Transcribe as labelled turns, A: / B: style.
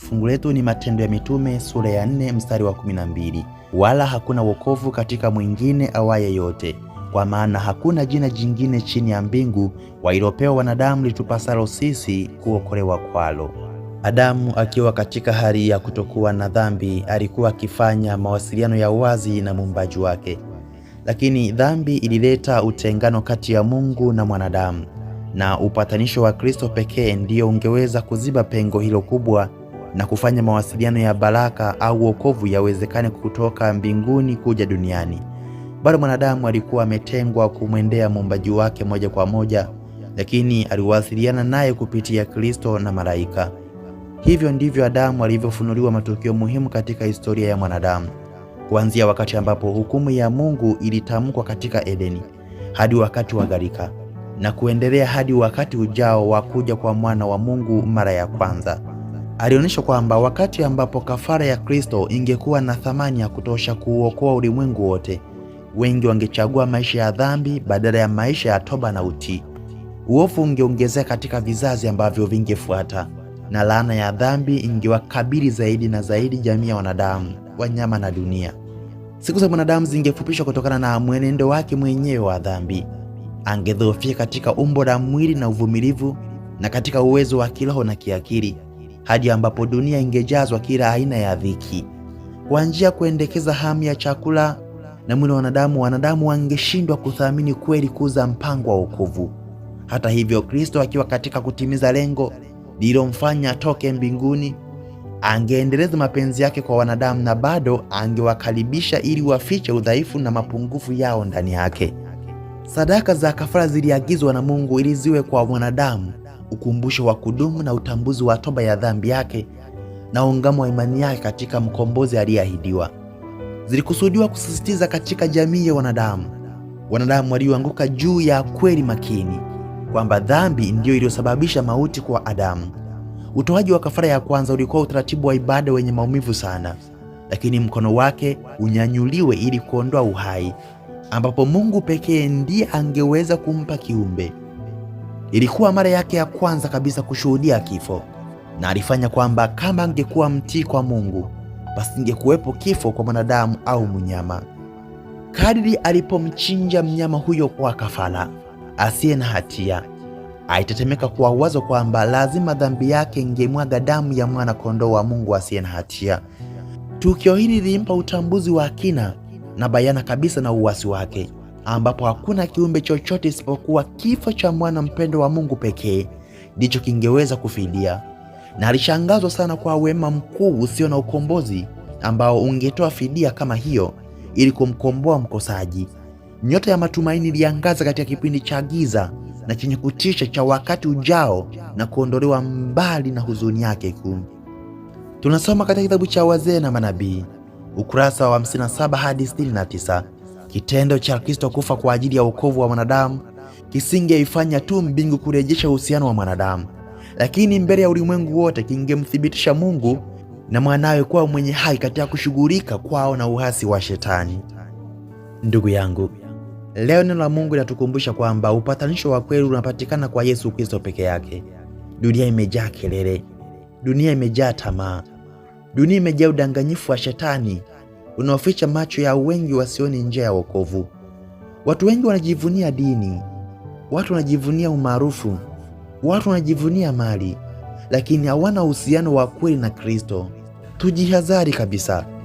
A: Fungu letu ni Matendo ya Mitume sura ya 4 mstari wa 12, wala hakuna wokovu katika mwingine awaye yote, kwa maana hakuna jina jingine chini ya mbingu walilopewa wanadamu litupasalo sisi kuokolewa kwalo. Adamu akiwa katika hali ya kutokuwa na dhambi alikuwa akifanya mawasiliano ya wazi na muumbaji wake, lakini dhambi ilileta utengano kati ya Mungu na mwanadamu, na upatanisho wa Kristo pekee ndiyo ungeweza kuziba pengo hilo kubwa na kufanya mawasiliano ya baraka au wokovu yawezekane kutoka mbinguni kuja duniani. Bado mwanadamu alikuwa ametengwa kumwendea muumbaji wake moja kwa moja, lakini aliwasiliana naye kupitia Kristo na malaika. Hivyo ndivyo Adamu alivyofunuliwa matukio muhimu katika historia ya mwanadamu, kuanzia wakati ambapo hukumu ya Mungu ilitamkwa katika Edeni hadi wakati wa gharika na kuendelea hadi wakati ujao wa kuja kwa mwana wa Mungu mara ya kwanza alionyesha kwamba wakati ambapo kafara ya Kristo ingekuwa na thamani ya kutosha kuuokoa ulimwengu wote, wengi wangechagua maisha ya dhambi badala ya maisha ya toba na utii. Uovu ungeongezeka katika vizazi ambavyo vingefuata, na laana ya dhambi ingewakabili zaidi na zaidi jamii ya wanadamu, wanyama na dunia. Siku za mwanadamu zingefupishwa kutokana na mwenendo wake mwenyewe wa dhambi. Angedhoofia katika umbo la mwili na uvumilivu, na katika uwezo wa kiroho na kiakili hadi ambapo dunia ingejazwa kila aina ya dhiki, kwa njia kuendekeza hamu ya chakula na mwili wa wanadamu. Wanadamu wangeshindwa kuthamini kweli kuza mpango wa wokovu. Hata hivyo, Kristo akiwa katika kutimiza lengo lililomfanya atoke mbinguni, angeendeleza mapenzi yake kwa wanadamu na bado angewakaribisha ili wafiche udhaifu na mapungufu yao ndani yake. Sadaka za kafara ziliagizwa na Mungu ili ziwe kwa wanadamu ukumbusho wa kudumu na utambuzi wa toba ya dhambi yake na ungamo wa imani yake katika mkombozi aliyeahidiwa. Zilikusudiwa kusisitiza katika jamii ya wanadamu, wanadamu walioanguka juu ya kweli makini kwamba dhambi ndiyo iliyosababisha mauti kwa Adamu. Utoaji wa kafara ya kwanza ulikuwa utaratibu wa ibada wenye maumivu sana, lakini mkono wake unyanyuliwe ili kuondoa uhai, ambapo Mungu pekee ndiye angeweza kumpa kiumbe Ilikuwa mara yake ya kwanza kabisa kushuhudia kifo, na alifanya kwamba kama angekuwa mtii kwa Mungu, pasingekuwepo kifo kwa mwanadamu au mnyama. kadri alipomchinja mnyama huyo kwa kafara asiye na hatia, alitetemeka kwa wazo kwamba lazima dhambi yake ingemwaga damu ya mwana kondoo wa Mungu asiye na hatia. Tukio hili lilimpa utambuzi wa kina na bayana kabisa na uwasi wake ambapo hakuna kiumbe chochote isipokuwa kifo cha mwana mpendo wa Mungu pekee ndicho kingeweza kufidia, na alishangazwa sana kwa wema mkuu usio na ukombozi ambao ungetoa fidia kama hiyo ili kumkomboa mkosaji. Nyota ya matumaini iliangaza katika kipindi cha giza na chenye kutisha cha wakati ujao na kuondolewa mbali na huzuni yake kuu. Tunasoma katika kitabu cha Wazee na Manabii, ukurasa wa 57 hadi 69. Kitendo cha Kristo kufa kwa ajili ya wokovu wa mwanadamu kisingeifanya tu mbingu kurejesha uhusiano wa mwanadamu, lakini mbele ya ulimwengu wote kingemthibitisha Mungu na mwanawe kuwa mwenye haki katika kushughulika kwao na uhasi wa Shetani. Ndugu yangu, leo neno la Mungu linatukumbusha kwamba upatanisho wa kweli unapatikana kwa Yesu Kristo peke yake. Dunia imejaa kelele, dunia imejaa tamaa, dunia imejaa udanganyifu wa Shetani unaoficha macho ya wengi wasioni njia ya wokovu. Watu wengi wanajivunia dini, watu wanajivunia umaarufu, watu wanajivunia mali, lakini hawana uhusiano wa kweli na Kristo. Tujihadhari kabisa.